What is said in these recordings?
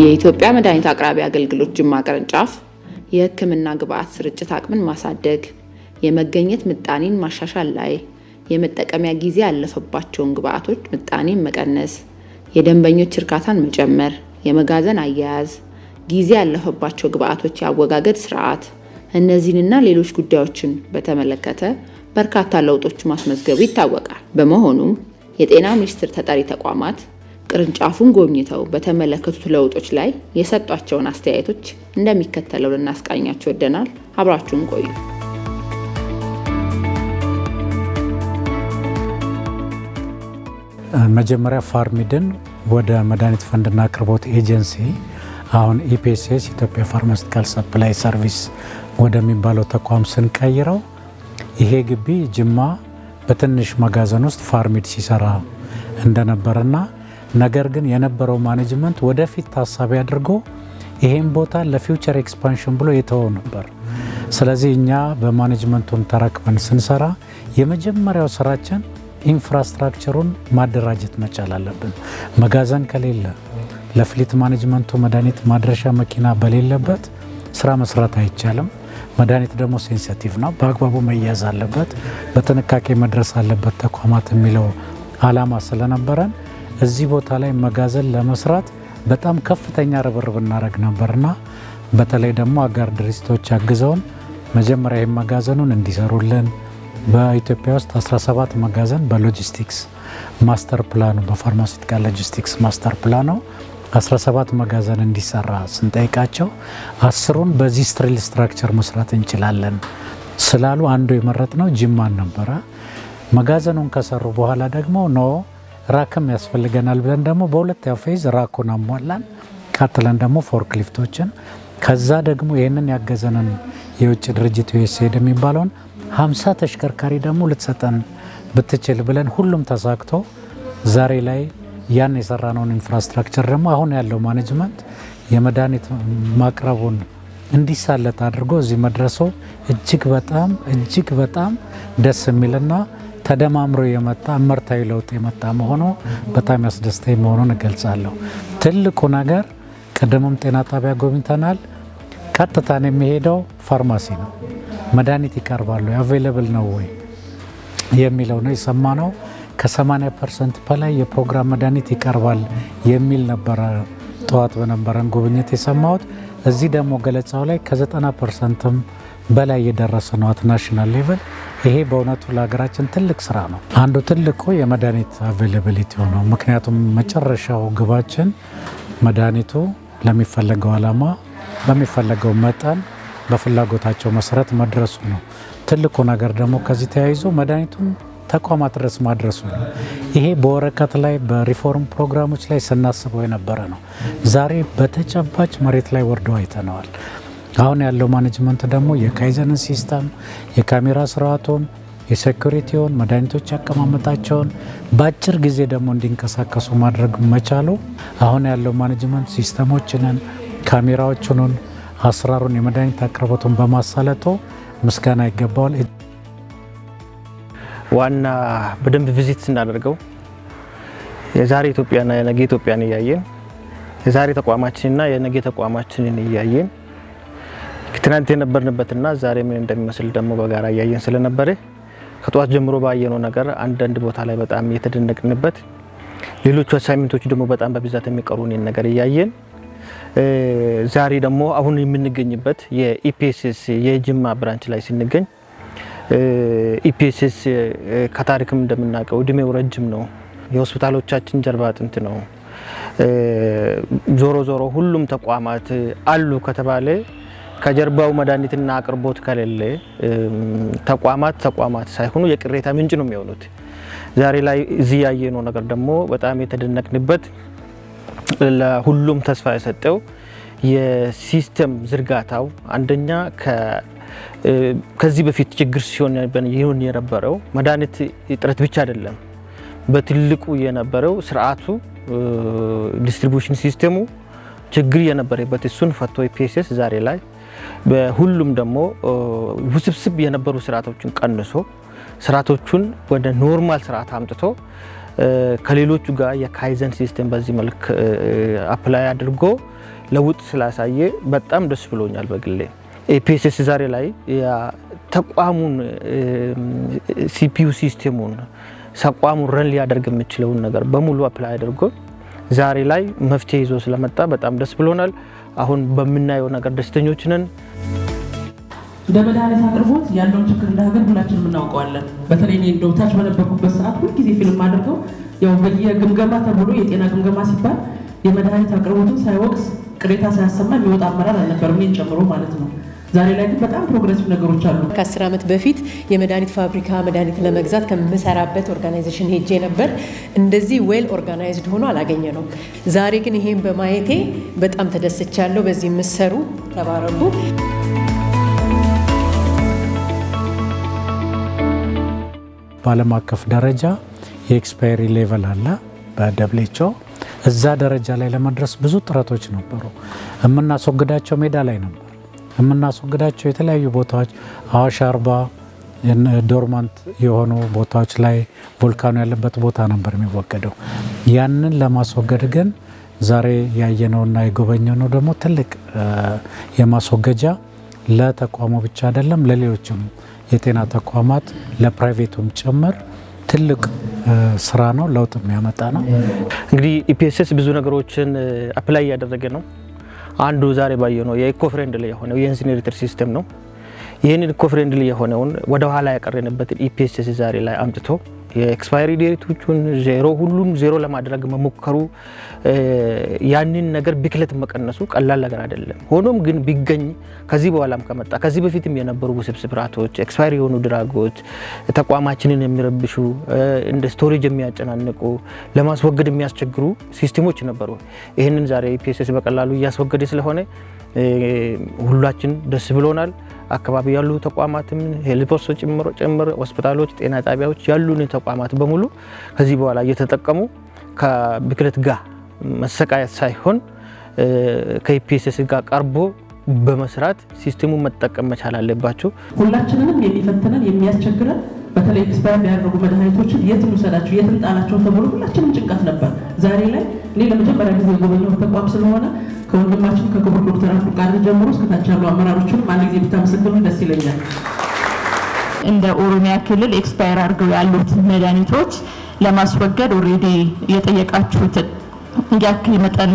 የኢትዮጵያ መድኃኒት አቅራቢ አገልግሎት ጅማ ቅርንጫፍ የሕክምና ግብአት ስርጭት አቅምን ማሳደግ፣ የመገኘት ምጣኔን ማሻሻል ላይ የመጠቀሚያ ጊዜ ያለፈባቸውን ግብአቶች ምጣኔን መቀነስ፣ የደንበኞች እርካታን መጨመር፣ የመጋዘን አያያዝ፣ ጊዜ ያለፈባቸው ግብአቶች የአወጋገድ ስርዓት፣ እነዚህንና ሌሎች ጉዳዮችን በተመለከተ በርካታ ለውጦች ማስመዝገቡ ይታወቃል። በመሆኑም የጤና ሚኒስቴር ተጠሪ ተቋማት ቅርንጫፉን ጎብኝተው በተመለከቱት ለውጦች ላይ የሰጧቸውን አስተያየቶች እንደሚከተለው ልናስቃኛቸው ወደናል። አብራችሁን ቆዩ። መጀመሪያ ፋርሚድን ወደ መድኃኒት ፈንድና አቅርቦት ኤጀንሲ አሁን ኢፒኤስኤስ ኢትዮጵያ ፋርማሲቲካል ሰፕላይ ሰርቪስ ወደሚባለው ተቋም ስንቀይረው ይሄ ግቢ ጅማ በትንሽ መጋዘን ውስጥ ፋርሚድ ሲሰራ እንደነበረና ነገር ግን የነበረው ማኔጅመንት ወደፊት ታሳቢ አድርጎ ይሄን ቦታ ለፊውቸር ኤክስፓንሽን ብሎ የተወው ነበር። ስለዚህ እኛ በማኔጅመንቱን ተረክበን ስንሰራ የመጀመሪያው ስራችን ኢንፍራስትራክቸሩን ማደራጀት መቻል አለብን። መጋዘን ከሌለ ለፍሊት ማኔጅመንቱ መድኃኒት ማድረሻ መኪና በሌለበት ስራ መስራት አይቻልም። መድኃኒት ደግሞ ሴንሲቲቭ ነው፣ በአግባቡ መያዝ አለበት፣ በጥንቃቄ መድረስ አለበት ተቋማት የሚለው አላማ ስለነበረን እዚህ ቦታ ላይ መጋዘን ለመስራት በጣም ከፍተኛ ርብርብ እናደረግ ነበርና በተለይ ደግሞ አጋር ድርጅቶች አግዘውን መጀመሪያ ይህም መጋዘኑን እንዲሰሩልን በኢትዮጵያ ውስጥ 17 መጋዘን በሎጂስቲክስ ማስተር ፕላኑ በፋርማሲቲካል ሎጂስቲክስ ማስተር ፕላኑ 17 መጋዘን እንዲሰራ ስንጠይቃቸው አስሩን በዚህ ስትሪል ስትራክቸር መስራት እንችላለን ስላሉ አንዱ የመረጥ ነው ጅማን ነበረ። መጋዘኑን ከሰሩ በኋላ ደግሞ ኖ ራክም ያስፈልገናል ብለን ደግሞ በሁለተኛው ፌዝ ራኩን አሟላን። ካትለን ደግሞ ፎርክሊፍቶችን ከዛ ደግሞ ይህንን ያገዘንን የውጭ ድርጅት ዩኤስኤድ የሚባለውን ሀምሳ ተሽከርካሪ ደግሞ ልትሰጠን ብትችል ብለን ሁሉም ተሳክቶ ዛሬ ላይ ያን የሰራነውን ኢንፍራስትራክቸር ደግሞ አሁን ያለው ማኔጅመንት የመድኃኒት ማቅረቡን እንዲሳለጥ አድርጎ እዚህ መድረሶ እጅግ በጣም እጅግ በጣም ደስ የሚልና ተደማምሮ የመጣ ምርታዊ ለውጥ የመጣ መሆኑ በጣም ያስደስተኝ መሆኑን እገልጻለሁ። ትልቁ ነገር ቅድምም ጤና ጣቢያ ጎብኝተናል። ቀጥታን የሚሄደው ፋርማሲ ነው። መድኃኒት ይቀርባሉ አቬይለብል ነው ወይ የሚለው ነው ነው ከ ከ80 ፐርሰንት በላይ የፕሮግራም መድኃኒት ይቀርባል የሚል ነበረ ጠዋት በነበረን ጉብኝት የሰማሁት። እዚህ ደግሞ ገለጻው ላይ ከ90 ፐርሰንትም በላይ የደረሰ ነው አት ናሽናል ሌቨል ይሄ በእውነቱ ለሀገራችን ትልቅ ስራ ነው። አንዱ ትልቁ የመድኃኒት አቬይላብሊቲ ሆነው፣ ምክንያቱም መጨረሻው ግባችን መድኃኒቱ ለሚፈለገው ዓላማ በሚፈለገው መጠን በፍላጎታቸው መሰረት መድረሱ ነው። ትልቁ ነገር ደግሞ ከዚህ ተያይዞ መድኃኒቱን ተቋማት ድረስ ማድረሱ ነው። ይሄ በወረቀት ላይ በሪፎርም ፕሮግራሞች ላይ ስናስበው የነበረ ነው። ዛሬ በተጨባጭ መሬት ላይ ወርዶ አይተነዋል። አሁን ያለው ማኔጅመንት ደግሞ የካይዘን ሲስተም የካሜራ ስርዓቱን የሴኩሪቲውን መድኃኒቶች አቀማመጣቸውን በአጭር ጊዜ ደግሞ እንዲንቀሳቀሱ ማድረግ መቻሉ አሁን ያለው ማኔጅመንት ሲስተሞችንን ካሜራዎችንን አሰራሩን የመድኃኒት አቅርቦቱን በማሳለጡ ምስጋና ይገባዋል። ዋና በደንብ ቪዚት ስናደርገው የዛሬ ኢትዮጵያና የነገ ኢትዮጵያን እያየን የዛሬ ተቋማችንና የነገ ተቋማችንን እያየን ትናንት የነበርንበትና ዛሬ ምን እንደሚመስል ደግሞ በጋራ እያየን ስለነበረ ከጠዋት ጀምሮ ባየነው ነገር አንዳንድ ቦታ ላይ በጣም የተደነቅንበት፣ ሌሎቹ አሳይመንቶች ደግሞ በጣም በብዛት የሚቀሩንን ነገር እያየን ዛሬ ደግሞ አሁን የምንገኝበት የኢፒኤስኤስ የጅማ ብራንች ላይ ስንገኝ ኢፒኤስኤስ ከታሪክም እንደምናውቀው እድሜው ረጅም ነው። የሆስፒታሎቻችን ጀርባ አጥንት ነው። ዞሮ ዞሮ ሁሉም ተቋማት አሉ ከተባለ ከጀርባው መድኃኒትና አቅርቦት ከሌለ ተቋማት ተቋማት ሳይሆኑ የቅሬታ ምንጭ ነው የሚሆኑት። ዛሬ ላይ እዚህ ያየነው ነገር ደግሞ በጣም የተደነቅንበት ለሁሉም ተስፋ የሰጠው የሲስተም ዝርጋታው አንደኛ ከዚህ በፊት ችግር ሲሆን የነበረው መድኃኒት እጥረት ብቻ አይደለም። በትልቁ የነበረው ስርዓቱ ዲስትሪቡሽን ሲስተሙ ችግር የነበረበት እሱን ፈቶ ፒኤስኤስ ዛሬ ላይ በሁሉም ደግሞ ውስብስብ የነበሩ ስርዓቶችን ቀንሶ ስርዓቶቹን ወደ ኖርማል ስርዓት አምጥቶ ከሌሎቹ ጋር የካይዘን ሲስተም በዚህ መልክ አፕላይ አድርጎ ለውጥ ስላሳየ በጣም ደስ ብሎኛል በግሌ። ኤፒኤስኤስ ዛሬ ላይ ተቋሙን ሲፒዩ ሲስቴሙን ተቋሙ ረን ሊያደርግ የሚችለውን ነገር በሙሉ አፕላይ አድርጎ ዛሬ ላይ መፍትሄ ይዞ ስለመጣ በጣም ደስ ብሎናል። አሁን በምናየው ነገር ደስተኞች ነን። እንደ መድኃኒት አቅርቦት ያለውን ችግር እንደ ሀገር ሁላችንም እናውቀዋለን። በተለይ እኔ እንደው ታች በነበርኩበት ሰዓት ሁልጊዜ ፊልም አድርገው ያው በየግምገማ ተብሎ የጤና ግምገማ ሲባል የመድኃኒት አቅርቦትን ሳይወቅስ ቅሬታ ሳያሰማ የሚወጣ አመራር አልነበርም፣ እኔን ጨምሮ ማለት ነው። ዛሬ ላይ በጣም ፕሮግረሲቭ ነገሮች አሉ። ከአስር ዓመት በፊት የመድኃኒት ፋብሪካ መድኃኒት ለመግዛት ከምሰራበት ኦርጋናይዜሽን ሄጄ ነበር። እንደዚህ ዌል ኦርጋናይዝድ ሆኖ አላገኘ ነው። ዛሬ ግን ይሄን በማየቴ በጣም ተደስቻለሁ። በዚህ የምሰሩ ተባረኩ። በዓለም አቀፍ ደረጃ የኤክስፓየሪ ሌቨል አለ በደብሌቾ እዛ ደረጃ ላይ ለመድረስ ብዙ ጥረቶች ነበሩ። የምናስወግዳቸው ሜዳ ላይ ነበር የምናስወግዳቸው የተለያዩ ቦታዎች አዋሽ አርባ ዶርማንት የሆኑ ቦታዎች ላይ ቮልካኖ ያለበት ቦታ ነበር የሚወገደው። ያንን ለማስወገድ ግን ዛሬ ያየነውና የጎበኘነው ደግሞ ትልቅ የማስወገጃ ለተቋሙ ብቻ አይደለም፣ ለሌሎችም የጤና ተቋማት ለፕራይቬቱም ጭምር ትልቅ ስራ ነው፣ ለውጥ የሚያመጣ ነው። እንግዲህ ኢፒኤስኤስ ብዙ ነገሮችን አፕላይ እያደረገ ነው። አንዱ ዛሬ ነው የኢኮ ፍሬንድሊ የሆነው የኢንሲነሬተር ሲስተም ነው። ይህንን ኢኮ ፍሬንድሊ የሆነውን ወደ ኋላ ያቀረንበትን ኢፒኤስኤስ ዛሬ ላይ አምጥቶ የኤክስፓይሪ ዴቶቹን ዜሮ ሁሉም ዜሮ ለማድረግ መሞከሩ ያንን ነገር ብክለት መቀነሱ ቀላል ነገር አይደለም። ሆኖም ግን ቢገኝ ከዚህ በኋላም ከመጣ ከዚህ በፊትም የነበሩ ውስብስብ ስርዓቶች፣ ኤክስፓይሪ የሆኑ ድራጎች፣ ተቋማችንን የሚረብሹ እንደ ስቶሬጅ የሚያጨናንቁ ለማስወገድ የሚያስቸግሩ ሲስቴሞች ነበሩ። ይህንን ዛሬ ፒኤስኤስ በቀላሉ እያስወገደ ስለሆነ ሁላችን ደስ ብሎናል። አካባቢ ያሉ ተቋማትም ሄልፖርሶች ጭምር ሆስፒታሎች፣ ጤና ጣቢያዎች ያሉን ተቋማት በሙሉ ከዚህ በኋላ እየተጠቀሙ ከብክለት ጋር መሰቃየት ሳይሆን ከኢፒኤስኤስ ጋር ቀርቦ በመስራት ሲስተሙ መጠቀም መቻል አለባቸው። ሁላችንንም የሚፈትነን የሚያስቸግረን በተለይ ኤክስፓየር ያደረጉ መድኃኒቶችን የት እንውሰዳቸው የት እንጣላቸው ተብሎ ሁላችንም ጭንቀት ነበር። ዛሬ ላይ እኔ ለመጀመሪያ ጊዜ የጎበኘው ተቋም ስለሆነ ከወንድማችን ከክቡር ዶክተር አብዱልቃድር ጀምሮ እስከታች ያሉ አመራሮችንም አንድ ጊዜ ብታመሰግኑ ደስ ይለኛል። እንደ ኦሮሚያ ክልል ኤክስፓየር አድርገው ያሉት መድኃኒቶች ለማስወገድ ኦልሬዲ የጠየቃችሁትን ያክል መጠን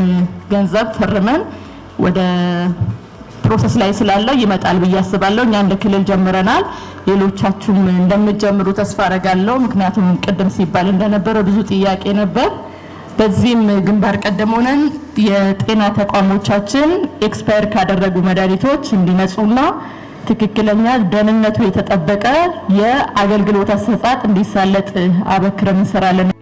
ገንዘብ ፈርመን ወደ ፕሮሰስ ላይ ስላለ ይመጣል ብዬ አስባለሁ። እኛ እንደ ክልል ጀምረናል። ሌሎቻችሁም እንደምትጀምሩ ተስፋ አረጋለሁ። ምክንያቱም ቅድም ሲባል እንደነበረ ብዙ ጥያቄ ነበር። በዚህም ግንባር ቀደም ሆነን የጤና ተቋሞቻችን ኤክስፓየር ካደረጉ መድኃኒቶች እንዲመጹና ትክክለኛ ደህንነቱ የተጠበቀ የአገልግሎት አሰጣጥ እንዲሳለጥ አበክረን እንሰራለን።